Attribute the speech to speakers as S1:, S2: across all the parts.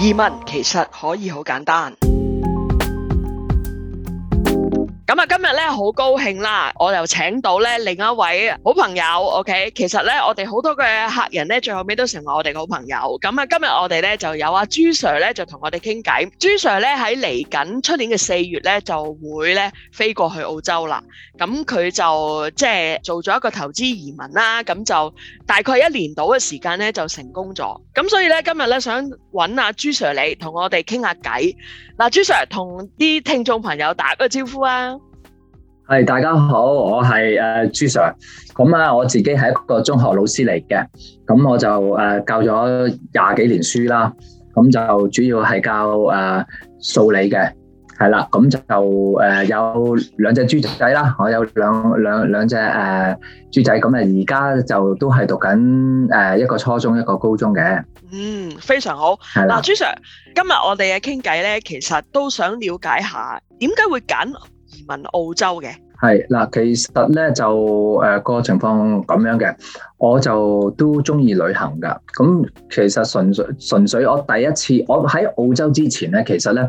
S1: 移民其實可以好簡單。咁啊，今日咧好高興啦，我又請到咧另一位好朋友，OK？其實咧，我哋好多嘅客人咧，最後尾都成為我哋嘅好朋友。咁啊，今日我哋咧就有阿朱 Sir 咧，就同我哋傾偈。朱 Sir 咧喺嚟緊出年嘅四月咧，就會咧飛過去澳洲啦。咁佢就即係做咗一個投資移民啦。咁就大概一年到嘅時間咧，就成功咗。咁所以咧，今日咧想揾阿朱 Sir 你同我哋傾下偈。嗱，朱 Sir 同啲聽眾朋友打個招呼啊！
S2: 係，大家好，我係誒、呃、朱 Sir，咁啊、嗯、我自己係一個中學老師嚟嘅，咁、嗯、我就誒、呃、教咗廿幾年書啦，咁、嗯、就主要係教誒數、呃、理嘅，係啦，咁、嗯、就誒、呃、有兩隻豬仔啦，我有兩兩兩隻誒豬仔，咁啊而家就都係讀緊誒、呃、一個初中一個高中嘅，
S1: 嗯，非常好，係啦的、啊，朱 Sir，今日我哋嘅傾偈咧，其實都想了解下，點解會揀？移民澳洲嘅，
S2: 係嗱，其實咧就誒個、呃、情況咁樣嘅，我就都中意旅行噶。咁其實純粹純粹，我第一次我喺澳洲之前咧，其實咧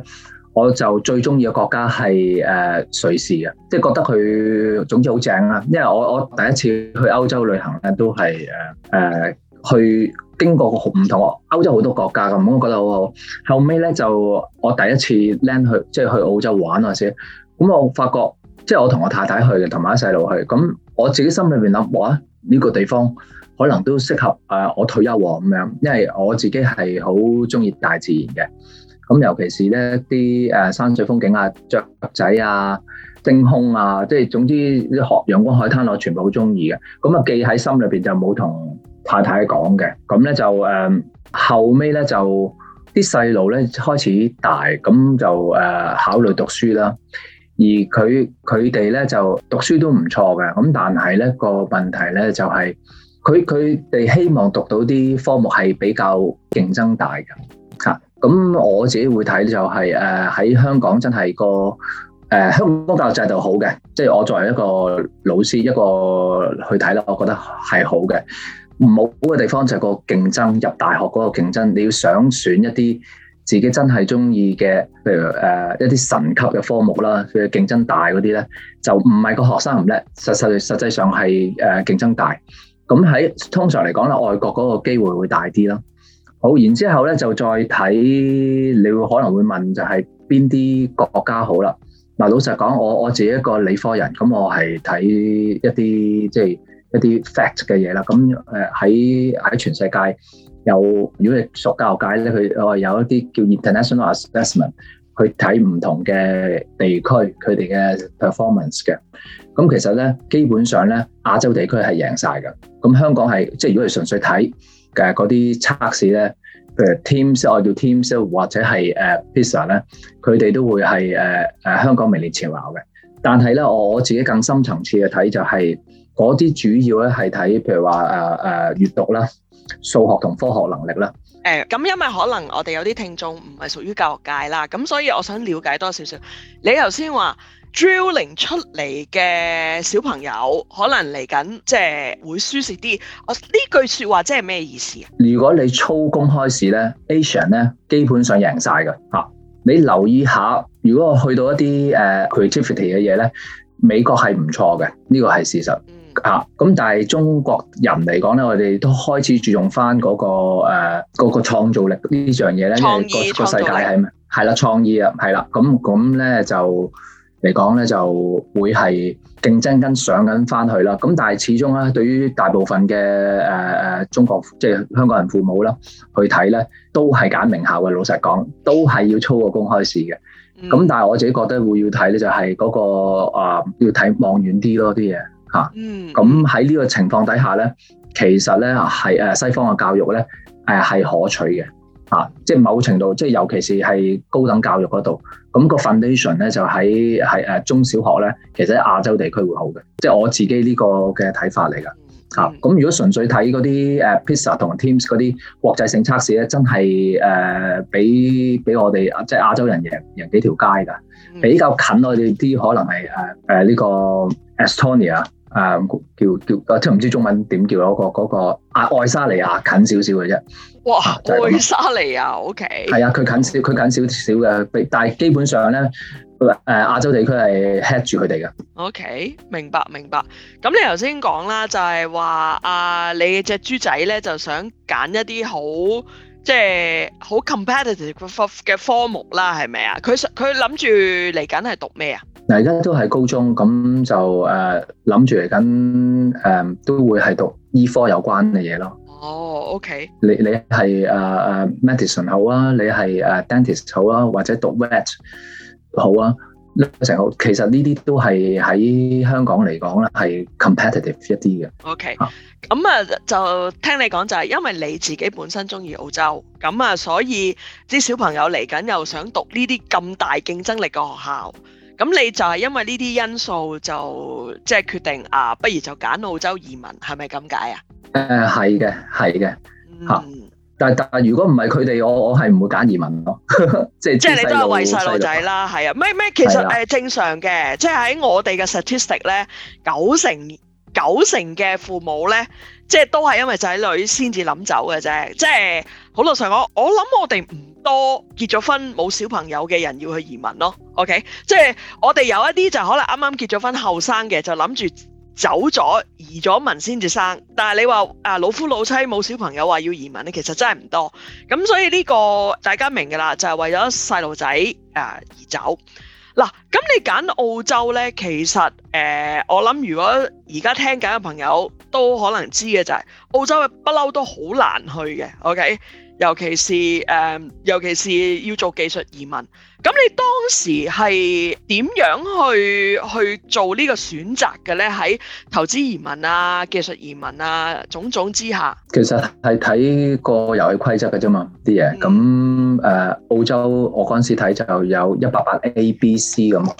S2: 我就最中意嘅國家係誒、呃、瑞士嘅，即係覺得佢總之好正啦。因為我我第一次去歐洲旅行咧，都係誒誒去經過個唔同歐洲好多國家咁，我覺得好好。後尾咧就我第一次 land 去，即係去澳洲玩啊先。咁我發覺，即係我同我太太去嘅，同埋一細路去的。咁我自己心裏邊諗，哇！呢、這個地方可能都適合誒，我退休喎咁樣。因為我自己係好中意大自然嘅，咁尤其是咧啲誒山水風景啊、雀仔啊、星空啊，即係總之啲海陽光海灘我全部好中意嘅。咁啊記喺心裏邊就冇同太太講嘅。咁咧就誒、呃、後尾咧就啲細路咧開始大，咁就誒、呃、考慮讀書啦。而佢佢哋咧就讀書都唔錯嘅，咁但係咧個問題咧就係佢佢哋希望讀到啲科目係比較競爭大嘅嚇。咁、啊、我自己會睇就係誒喺香港真係個誒、呃、香港教育制度好嘅，即係我作為一個老師一個去睇啦，我覺得係好嘅。唔好嘅地方就係個競爭入大學嗰個競爭，你要想選一啲，自己真係中意嘅，譬如誒一啲神級嘅科目啦，佢競爭大嗰啲咧，就唔係個學生唔叻，實實實際上係誒競爭大。咁喺通常嚟講啦，外國嗰個機會會大啲咯。好，然之後咧就再睇，你會可能會問就係邊啲國家好啦。嗱，老實講，我我自己一個理科人，咁我係睇一啲即係一啲 fact 嘅嘢啦。咁誒喺喺全世界。有如果係屬教育界咧，佢我有一啲叫 international assessment 去睇唔同嘅地區佢哋嘅 performance 嘅。咁其實咧，基本上咧亞洲地區係贏晒嘅。咁香港係即係如果係純粹睇嘅嗰啲測試咧，譬如 TIMSS 我叫 TIMSS 或者係誒 PISA 咧，佢哋都會係誒誒香港名列前茅嘅。但係咧，我自己更深層次嘅睇就係嗰啲主要咧係睇譬如話誒誒閱讀啦。數學同科學能力啦。
S1: 誒、欸，咁因為可能我哋有啲聽眾唔係屬於教學界啦，咁所以我想了解多少少。你頭先話 drilling 出嚟嘅小朋友可能嚟緊，即、就、係、是、會輸蝕啲。我呢句說話即係咩意思啊？
S2: 如果你操公開試咧，Asian 咧基本上贏晒噶吓。你留意下，如果我去到一啲誒、uh, creativity 嘅嘢咧，美國係唔錯嘅，呢個係事實。嗯啊！咁但係中國人嚟講咧，我哋都開始注重翻嗰個誒，嗰個創造力呢樣嘢咧，因為個個世界係咩？係啦，創意啊，係啦。咁咁咧就嚟講咧，就會係競爭跟上緊翻去啦。咁但係始終咧，對於大部分嘅誒誒，中國即係香港人父母啦，去睇咧，都係揀名校嘅。老實講，都係要操過公開試嘅。咁但係我自己覺得會要睇咧，就係嗰個誒，要睇望遠啲咯，啲嘢。嚇，咁喺呢個情況底下咧，其實咧係西方嘅教育咧，係可取嘅、啊，即係某程度，即係尤其是係高等教育嗰度，咁、個 foundation 咧就喺中小學咧，其實喺亞洲地區會好嘅，即、就、係、是、我自己呢個嘅睇法嚟㗎，咁、啊、如果純粹睇嗰啲 PISA 同 Teams 嗰啲國際性測試咧，真係誒俾俾我哋即係亞洲人贏，贏幾條街㗎，比較近我哋啲可能係誒呢個 Estonia。誒叫、啊、叫，我真係唔知中文點叫啦！嗰、嗰個嗰愛沙尼亞近少少嘅啫。
S1: 哇、嗰個！愛沙尼亞 OK，係啊，佢近
S2: 少，佢近少少嘅，但係基本上咧誒亞洲地區係吃住佢哋嘅。
S1: OK，明白明白。咁你頭先講啦，就係話啊，你隻豬仔咧就想揀一啲好。即係好 competitive 嘅科目啦，係咪啊？佢佢諗住嚟緊係讀咩啊？
S2: 嗱，而家都係高中，咁就誒諗住嚟緊誒都會係讀醫科有關嘅嘢咯。
S1: 哦，OK。
S2: 你你係誒誒 medicine 好啊？你係誒 dentist 好啊？或者讀 vet 好啊？其實呢啲都係喺香港嚟講咧係 competitive 一啲嘅。
S1: OK，咁啊就聽你講就係因為你自己本身鍾意澳洲，咁啊所以啲小朋友嚟緊又想讀呢啲咁大競爭力嘅學校，咁你就係因為呢啲因素就即係決定啊，不如就揀澳洲移民係咪咁解啊？
S2: 誒係嘅係嘅，嚇、嗯。但但如果唔係佢哋，我我係唔會揀移民咯。 就是、即即係你都係為細路仔啦，係
S1: 啊，咩咩其實誒正常嘅，是啊、即係喺我哋嘅 statistic 咧，九成九成嘅父母咧，即係都係因為仔女先至諗走嘅啫。即係好老實講，我諗我哋唔多結咗婚冇小朋友嘅人要去移民咯。OK，即係我哋有一啲就可能啱啱結咗婚後生嘅就諗住。走咗移咗民先至生，但係你話啊老夫老妻冇小朋友話要移民呢，其實真係唔多，咁所以呢個大家明㗎啦，就係、是、為咗細路仔啊而走。嗱，咁你揀澳洲呢？其實誒、呃、我諗如果而家聽緊嘅朋友。都可能知嘅就係、是、澳洲不嬲都好難去嘅，OK？尤其是誒、呃，尤其是要做技術移民，咁你當時係點樣去去做呢個選擇嘅呢？喺投資移民啊、技術移民啊種種之下，
S2: 其實係睇個遊戲規則嘅啫嘛啲嘢。咁誒、嗯呃，澳洲我嗰陣時睇就有一百八 A、B、嗯、C 咁，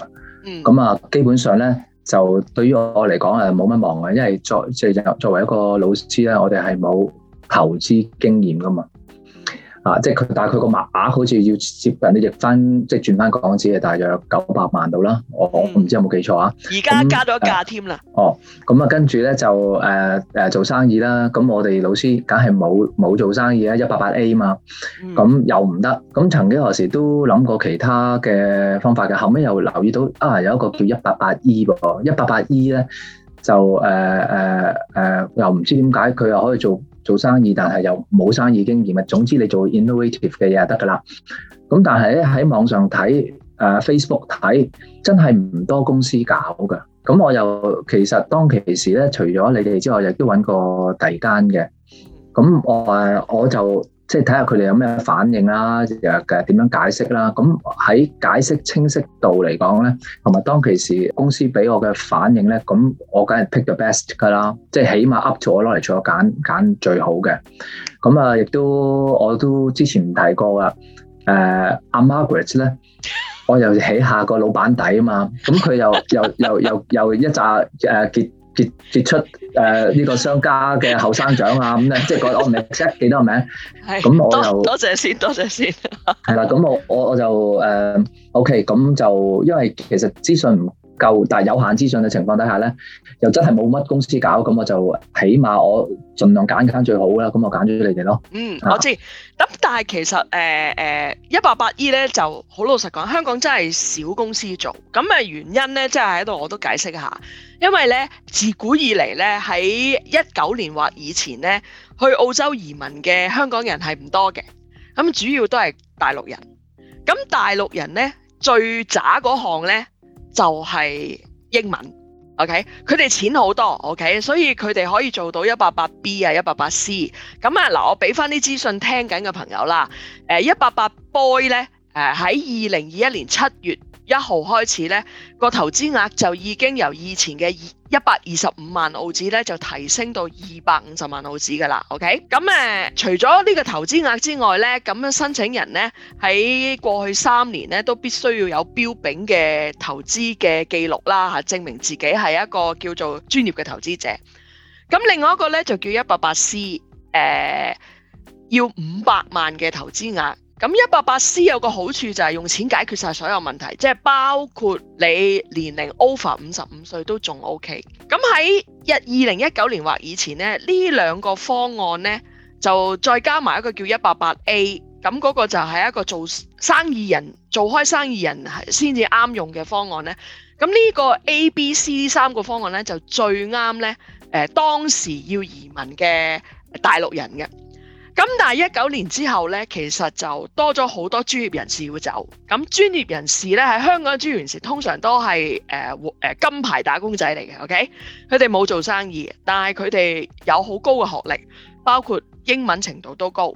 S2: 咁啊，基本上呢。就對於我來講誒，冇乜忙嘅，因為作作為一個老師啦，我哋係冇投資經驗㗎嘛。啊！即係佢，但係佢個碼好似要接近啲，逆翻即係轉翻港紙係，大約九百萬度啦。我我唔知有冇記錯啊？
S1: 而家、嗯、咁加咗價添啦。
S2: 哦，咁啊，跟住咧就誒誒做生意啦。咁我哋老師梗係冇冇做生意啦，一八八 A 嘛。咁、嗯、又唔得。咁曾經何時都諗過其他嘅方法嘅。後尾又留意到啊，有一個叫一八八 E 喎、e，一八八 E 咧就誒誒、呃呃呃呃、又唔知點解佢又可以做。做生意，但係又冇生意經驗啊！總之你做 innovative 嘅嘢就得噶啦。咁但係咧喺網上睇，誒、啊、Facebook 睇，真係唔多公司搞噶。咁我又其實當其時咧，除咗你哋之外，亦都揾過第二間嘅。咁我誒我就。即係睇下佢哋有咩反應啦，又嘅點樣解釋啦。咁喺解釋清晰度嚟講咧，同埋當其時公司俾我嘅反應咧，咁我梗係 pick the best 噶啦。即係起碼 up to 我攞嚟，做我揀揀最好嘅。咁啊，亦都我都之前提過噶。誒，阿 Margaret 咧，我又起下個老闆底啊嘛。咁佢又 又又又又一扎誒。啊結接出誒呢，呃呢個商家嘅後生獎啊，咁咧，即係個我唔記得幾多名，
S1: 係咁 是我又多，多謝先，多謝先。
S2: 係 啦，咁我我我就誒，呃、OK，咁就因為其實資訊唔夠，但係有限資訊嘅情況底下呢，又真係冇乜公司搞，咁我就起碼我盡量揀間最好啦，咁我揀咗你哋咯。
S1: 嗯，我知。咁但係其實誒誒一八八 E 呢就好老實講，香港真係少公司做。咁啊原因呢？即係喺度我都解釋一下，因為呢自古以嚟呢，喺一九年或以前呢，去澳洲移民嘅香港人係唔多嘅，咁主要都係大陸人。咁大陸人呢，最渣嗰項呢。就係英文，OK？佢哋錢好多，OK？所以佢哋可以做到一八八 B 啊，一八八 C。咁啊，嗱，我俾翻啲資訊聽緊嘅朋友啦。誒、呃，一八八 Boy 呢，誒喺二零二一年七月。一號開始呢個投資額就已經由以前嘅一百二十五萬澳紙咧，就提升到二百五十萬澳紙噶啦。OK，咁誒，除咗呢個投資額之外呢，咁樣申請人呢，喺過去三年呢，都必須要有標炳嘅投資嘅記錄啦吓，證明自己係一個叫做專業嘅投資者。咁另外一個呢，就叫一八八 C，呃，要五百萬嘅投資額。咁一八八 C 有個好處就係用錢解決晒所有問題，即係包括你年齡 over 五十五歲都仲 OK。咁喺二零一九年或以前呢，呢兩個方案呢就再加埋一個叫一八八 A，咁嗰個就係一個做生意人、做開生意人先至啱用嘅方案呢。咁呢個 A、B、C 三個方案呢就最啱呢，誒當時要移民嘅大陸人嘅。咁但係一九年之後呢，其實就多咗好多專業人士會走。咁專業人士呢，喺香港嘅專業人士，通常都係、呃呃、金牌打工仔嚟嘅，OK？佢哋冇做生意，但係佢哋有好高嘅學歷，包括英文程度都高。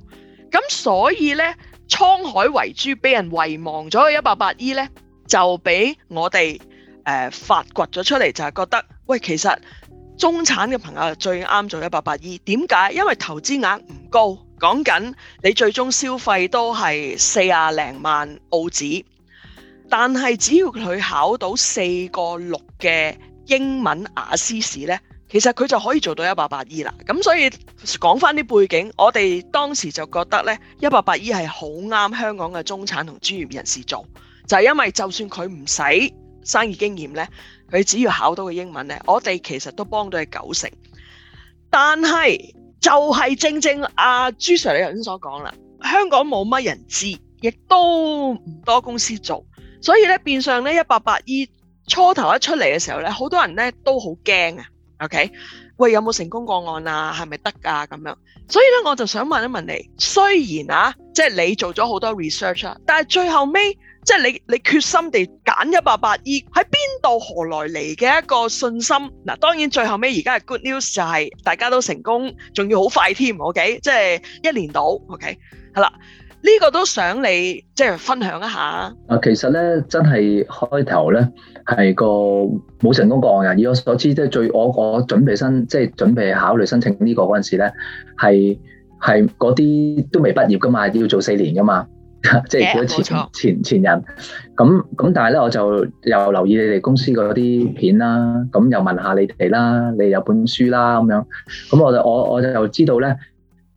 S1: 咁所以呢，滄海遺珠俾人遺忘咗嘅一百八 E 呢，就俾我哋誒、呃、發掘咗出嚟，就係覺得喂，其實中產嘅朋友最啱做一百八 E，點解？因為投資額唔高。講緊你最終消費都係四廿零萬澳紙，但係只要佢考到四個六嘅英文雅思試呢，其實佢就可以做到一八八二啦。咁所以講翻啲背景，我哋當時就覺得呢一八八二係好啱香港嘅中產同專業人士做，就係、是、因為就算佢唔使生意經驗呢，佢只要考到嘅英文呢，我哋其實都幫到佢九成。但係，就係正正阿、啊、朱 Sir 你頭先所講啦，香港冇乜人知，亦都唔多公司做，所以咧變相咧一八八二初頭一出嚟嘅時候咧，好多人咧都好驚啊，OK？喂，有冇成功個案啊？係咪得㗎咁樣？所以咧我就想問一問你，雖然啊，即、就、係、是、你做咗好多 research 啦，但係最後尾。即係你，你決心地揀一百八二喺邊度何來嚟嘅一個信心？嗱，當然最後尾而家嘅 good news 就係大家都成功，仲要好快添，OK？即係一年到，OK？係啦，呢個都想你即係分享一下。
S2: 啊，其實咧真係開頭咧係個冇成功個案人，以我所知，即係最我我準備申即係準備考慮申請呢個嗰陣時咧，係係嗰啲都未畢業噶嘛，要做四年噶嘛。即係佢前、欸、前前，前人，咁咁，但係咧我就又留意你哋公司嗰啲片啦，咁又問下你哋啦，你有本書啦咁樣，咁我就我我就知道咧，誒、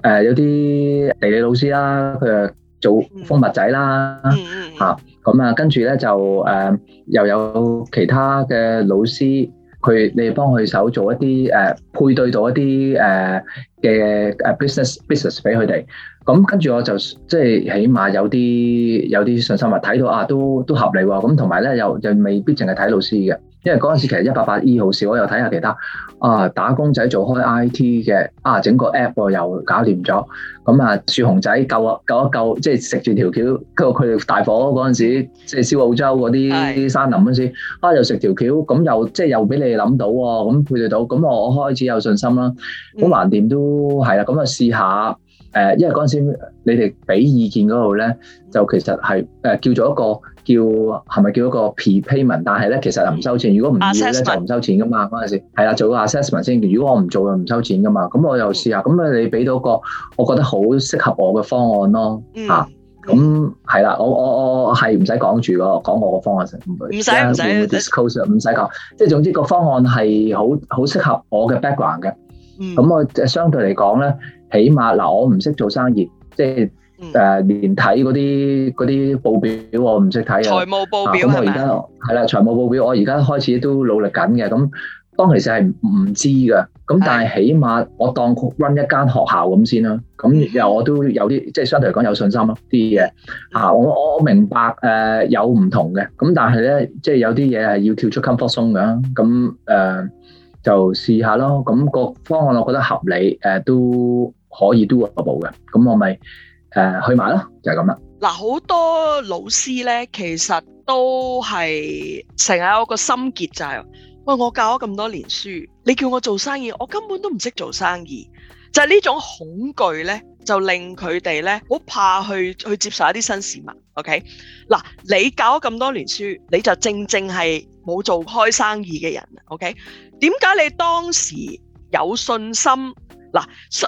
S2: 呃、有啲地理，理老師啦，佢就做蜂蜜仔啦嚇，咁、嗯嗯、啊跟住咧就誒、呃、又有其他嘅老師。佢你幫佢手做一啲、呃、配對到一啲呃嘅 business business 俾佢哋，咁跟住我就即係起碼有啲有啲信心看，話睇到啊都都合理喎、哦，咁同埋呢，又又未必淨係睇老師嘅。因為嗰陣時其實一百八 E 號市，我又睇下其他啊打工仔做開 I T 嘅啊整個 app 又搞掂咗，咁啊樹熊仔救啊救一、啊、救，即係食住條橋，跟住佢哋大火嗰陣時，即係燒澳洲嗰啲山林嗰時，是的 啊又食條橋，咁又即係又俾你諗到喎、哦，咁配對到，咁我開始有信心啦，橫掂都係啦，咁啊試下。誒，因為嗰陣時你哋俾意見嗰度咧，就其實係誒叫做一個叫係咪叫一個 pre-payment，但係咧其實唔收錢。如果唔要咧就唔收錢噶嘛。嗰陣時係啦，做個 assessment 先。如果我唔做就唔收錢噶嘛。咁我又試下。咁啊、嗯，你俾到一個我覺得好適合我嘅方案咯。嚇、嗯，咁係啦，我我我係唔使講住咯，講我嘅方案唔使唔使 disclosure 講用。即係總之個方案係好好適合我嘅 background 嘅。咁、嗯、我相對嚟講咧。起碼嗱，我唔識做生意，即係誒連睇嗰啲嗰啲報表，我唔識睇啊。財務報表，咁我而家係啦，財務報表我而家開始都努力緊嘅。咁當其時係唔知嘅，咁但係起碼我當 run 一間學校咁先啦。咁又我都有啲即係相對嚟講有信心咯啲嘢嚇。我我我明白誒有唔同嘅，咁但係咧即係有啲嘢係要跳出 comfort zone 嘅。咁誒就試下咯。咁個方案我覺得合理誒都。可以 do 個保嘅，咁我咪誒去買咯，就係咁啦。
S1: 嗱，好多老師咧，其實都係成日有個心結就係，喂，我教咗咁多年書，你叫我做生意，我根本都唔識做生意，就係呢種恐懼咧，就令佢哋咧好怕去去接受一啲新事物。OK，嗱，你教咗咁多年書，你就正正係冇做開生意嘅人。OK，點解你當時有信心？嗱，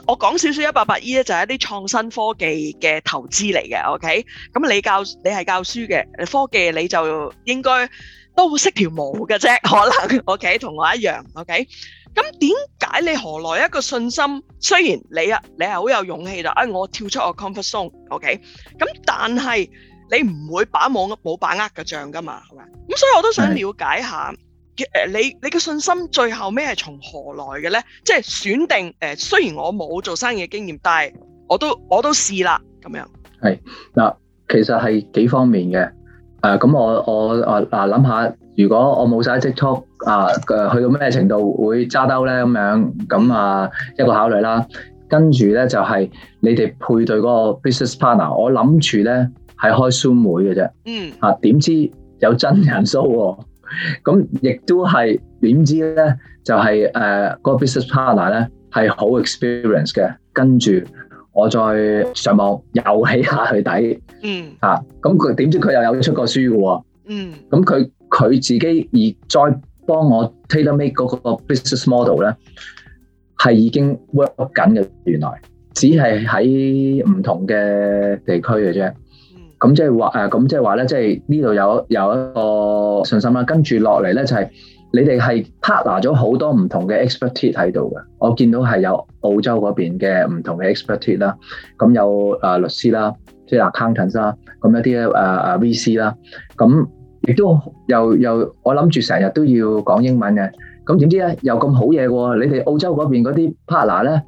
S1: 我講少少一百八 E 咧，就係一啲創新科技嘅投資嚟嘅，OK？咁你教，你係教書嘅，科技你就應該都會識條毛嘅啫，可能 OK？同我一樣，OK？咁點解你何來一個信心？雖然你啊，你係好有勇氣啦，啊，我跳出我 comfort zone，OK？咁但係你唔會把網冇把握嘅賬㗎嘛，係咪？咁所以我都想了解下。誒，你你嘅信心最後咩係從何來嘅咧？即、就、係、是、選定誒，雖然我冇做生意嘅經驗，但係我都我都試啦，咁樣。
S2: 係嗱，其實係幾方面嘅誒，咁、呃、我我誒嗱，諗、呃、下如果我冇晒積蓄啊，誒、呃、去到咩程度會揸兜咧？咁樣咁啊、呃，一個考慮啦。跟住咧就係你哋配對嗰個 business partner，我諗住咧係開 Zoom 會嘅啫，嗯啊，點知有真人 show？咁亦都係點知咧？就係、是、誒，呃那個 business partner 咧係好 experience 嘅，跟住我再上網又起下去睇，嗯吓，咁佢點知佢又有出過書嘅喎，嗯，咁佢佢自己而再幫我 tailor make 嗰個 business model 咧，係已經 work up 緊嘅，原來只係喺唔同嘅地區嘅啫。咁即係話誒，咁即係話咧，即係呢度有有一個信心啦。跟住落嚟咧，就係你哋係 partner 咗好多唔同嘅 expertise 喺度嘅。我見到係有澳洲嗰邊嘅唔同嘅 expertise 啦，咁有誒律師啦，即係 accountants 啦，咁一啲誒誒 VC 啦，咁亦都又又我諗住成日都要講英文嘅。咁點知咧又咁好嘢喎？你哋澳洲嗰邊嗰啲 partner 咧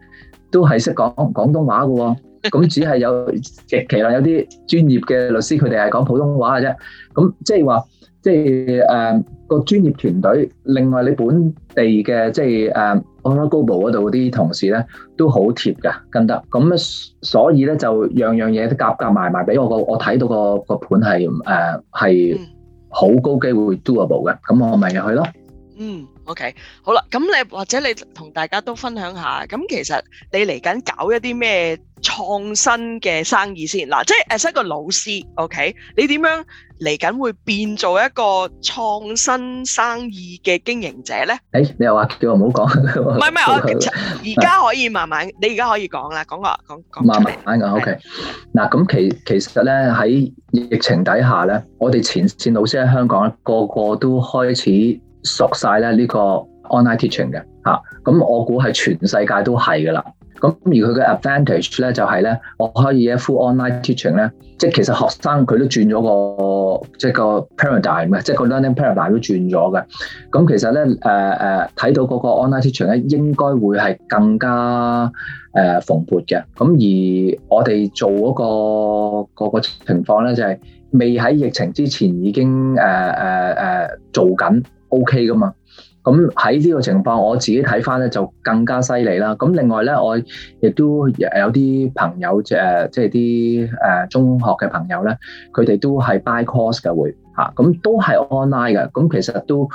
S2: 都係識講廣東話嘅喎。咁只係有其其內有啲專業嘅律師，佢哋係講普通話嘅啫。咁即係話，即係誒個專業團隊。另外，你本地嘅即係誒 Aura Global 嗰度啲同事咧，都好貼噶，跟得。咁啊，所以咧就樣樣嘢都夾夾埋埋，俾我個我睇到個個盤係誒係好高機會 doable 嘅。咁我咪入去咯。嗯。
S1: OK，好啦，咁你或者你同大家都分享下，咁其實你嚟緊搞一啲咩創新嘅生意先，嗱，即係作為一個老師，OK，你點樣嚟緊會變做一個創新生意嘅經營者咧？
S2: 誒，你又話叫我唔好講，唔係唔係，我
S1: 而家可以慢慢，你而家可以講啦，講個講講慢
S2: 慢講，OK，嗱，咁其其實咧喺疫情底下咧，我哋前線老師喺香港個個都開始。熟晒咧呢、呢個 online teaching 嘅咁、啊、我估係全世界都係噶啦。咁而佢嘅 advantage 咧就係、是、咧，我可以一 full online teaching 咧，即其實學生佢都轉咗個即個 paradigm 嘅，即係個 learning paradigm 都轉咗嘅。咁、啊、其實咧睇、呃、到嗰個 online teaching 咧，應該會係更加誒、呃、蓬勃嘅。咁、啊、而我哋做嗰個個個情況咧，就係、是、未喺疫情之前已經誒誒、呃呃、做緊。OK 噶嘛，咁喺呢個情況，我自己睇返咧就更加犀利啦。咁另外咧，我亦都有啲朋友誒，即係啲誒中學嘅朋友咧，佢哋都係 buy course 嘅會嚇，咁都係 online 嘅，咁其實都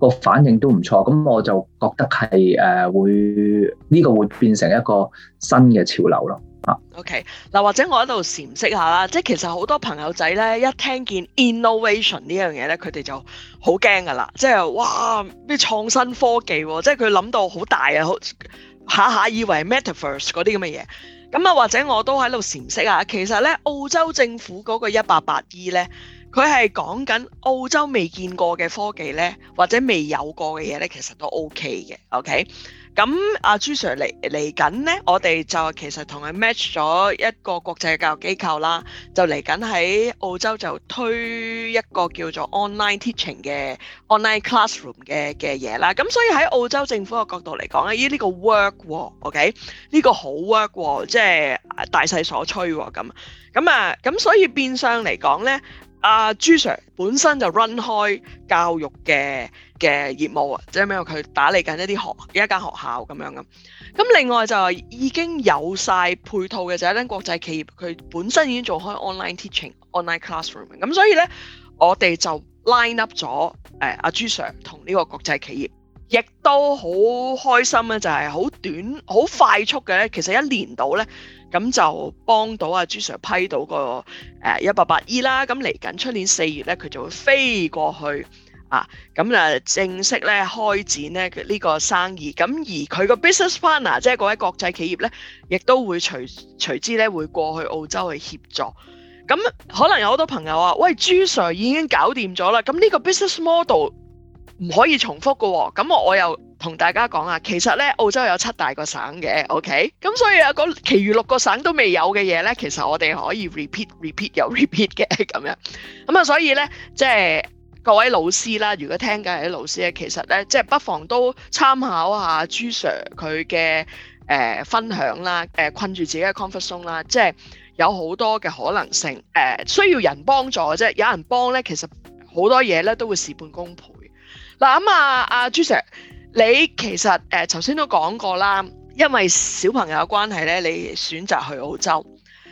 S2: 個反應都唔錯，咁我就覺得係誒會呢個會變成一個新嘅潮流咯。
S1: O K，嗱或者我喺度闡釋下啦，即係其實好多朋友仔咧一聽見 innovation 呢樣嘢咧，佢哋就好驚噶啦，即係哇啲創新科技、哦，即係佢諗到好大啊，下下以為 metaverse 嗰啲咁嘅嘢，咁啊或者我都喺度闡釋下。其實咧澳洲政府嗰個一八八二咧，佢係講緊澳洲未見過嘅科技咧，或者未有過嘅嘢咧，其實都 O K 嘅，O K。Okay? 咁阿朱 Sir 嚟嚟緊呢，我哋就其實同佢 match 咗一個國際嘅教育機構啦，就嚟緊喺澳洲就推一個叫做 online teaching 嘅 online classroom 嘅嘅嘢啦。咁所以喺澳洲政府嘅角度嚟講呢，呢個 work 喎，OK？呢個好 work 喎，即係大勢所趨喎，咁咁啊，咁所以變相嚟講呢。阿、啊、朱 Sir 本身就 run 開教育嘅嘅業務啊，即係咩？佢打理緊一啲學一間學校咁樣咁。咁另外就已經有晒配套嘅就係、是、一間國際企業，佢本身已經做開 online teaching、online classroom。咁所以呢，我哋就 line up 咗誒阿朱 Sir 同呢個國際企業，亦都好開心呢，就係、是、好短、好快速嘅，其實一年到呢。咁就幫到阿朱 Sir 批到個誒 188E 啦。咁嚟緊出年四月咧，佢就會飛過去啊。咁誒正式咧開展咧呢個生意。咁而佢個 business partner 即係嗰位國際企業咧，亦都會隨隨之咧會過去澳洲去協助。咁可能有好多朋友話：喂，朱 Sir 已經搞掂咗啦。咁呢個 business model 唔可以重複嘅喎、哦。咁我我又，同大家講啊，其實咧澳洲有七大個省嘅，OK 咁，所以啊，個其餘六個省都未有嘅嘢咧，其實我哋可以 repeat repeat 又 repeat 嘅咁樣咁啊，所以咧即係各位老師啦，如果聽緊啲老師咧，其實咧即係不妨都參考下朱 Sir 佢嘅誒、呃、分享啦。誒、呃、困住自己嘅 comfort zone 啦，即係有好多嘅可能性誒、呃，需要人幫助嘅啫。有人幫咧，其實好多嘢咧都會事半功倍嗱。咁啊，阿、啊啊、朱 Sir。你其實誒，頭先都講過啦，因為小朋友嘅關係咧，你選擇去澳洲。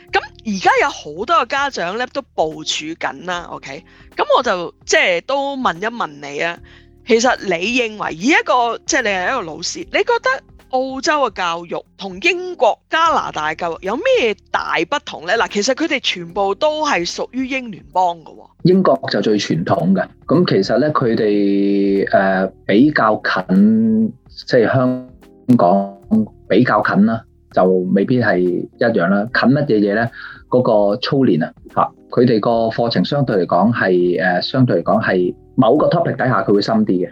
S1: 咁而家有好多嘅家長咧都部署緊啦，OK？咁我就即係都問一問你啊，其實你認為以一個即係你係一個老師，你覺得，澳洲嘅教育同英國、加拿大教育有咩大不同咧？嗱，其實佢哋全部都係屬於英聯邦嘅。
S2: 英國就最傳統嘅，咁其實咧，佢哋誒比較近，即係香港比較近啦，就未必係一樣啦。近乜嘢嘢咧？嗰、嗰個操練啊，吓，佢哋個課程相對嚟講係誒，相對嚟講係某個 topic 底下佢會深啲嘅。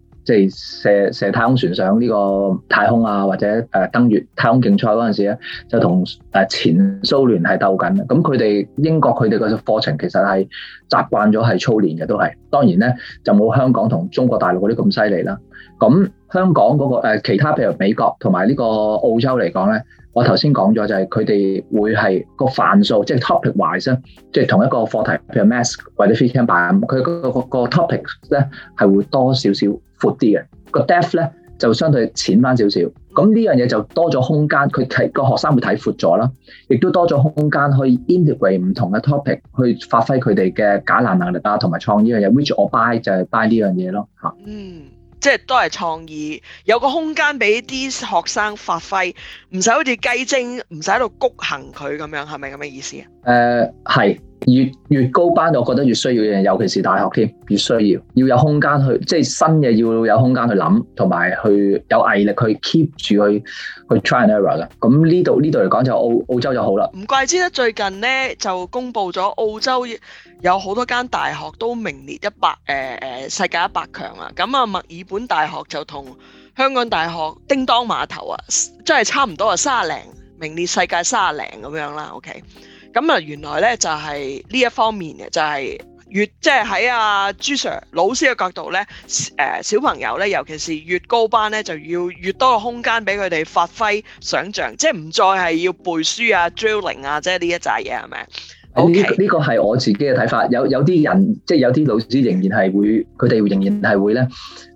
S2: 即係射射太空船上呢個太空啊，或者誒、呃、登月太空競賽嗰陣時咧，就同誒前蘇聯係鬥緊。咁佢哋英國佢哋個課程其實係習慣咗係操練嘅，都係當然咧就冇香港同中國大陸嗰啲咁犀利啦。咁香港嗰、那個、呃、其他譬如美國同埋呢個澳洲嚟講咧，我頭先講咗就係佢哋會係個範數，即、就、係、是、topic wise，即係同一個課題，譬如 math 或者 physics 咁，佢個個 topic 咧係會多少少。闊啲嘅，個 depth 咧就相對淺翻少少，咁呢樣嘢就多咗空間，佢睇個學生會睇闊咗啦，亦都多咗空間去 integrate 唔同嘅 topic 去發揮佢哋嘅解難能力啊，同埋創意嘅嘢。Which I buy 就係 buy 呢樣嘢咯，吓。嗯，
S1: 即係都係創意，有個空間俾啲學生發揮，唔使好似雞精，唔使喺度谷行佢咁樣，係咪咁嘅意思啊？誒、
S2: 呃，係。越越高班，我覺得越需要嘅，尤其是大學添，越需要要有空間去，即係新嘅要有空間去諗，同埋去有毅力去 keep 住去去 try and error 嘅。咁呢度呢度嚟講就澳澳洲就好啦。唔
S1: 怪之得最近呢就公布咗澳洲有好多間大學都名列一百，誒、呃、誒世界一百強啊。咁啊墨爾本大學就同香港大學叮當碼頭啊，真係差唔多啊卅零名列世界卅零咁樣啦。OK。咁啊，原來咧就係，是，呢一方面嘅，就係，是，越即係喺阿朱 Sir 老師嘅角度咧，誒、呃、小朋友咧，尤其是越高班咧，就要越多嘅空間俾佢哋發揮想像，即係唔再係要背書啊、drilling 啊，即係呢一紮嘢係咪？
S2: 好呢、okay。呢個係、這個、我自己嘅睇法，有有啲人即係、就是、有啲老師仍然係會，佢哋仍然係會咧，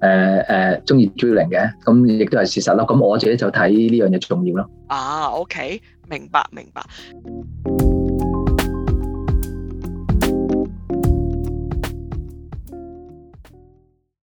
S2: 誒誒中意 drilling 嘅，咁亦都係事實咯。咁我自己就睇呢樣嘢重要咯。
S1: 啊，OK，明白明白。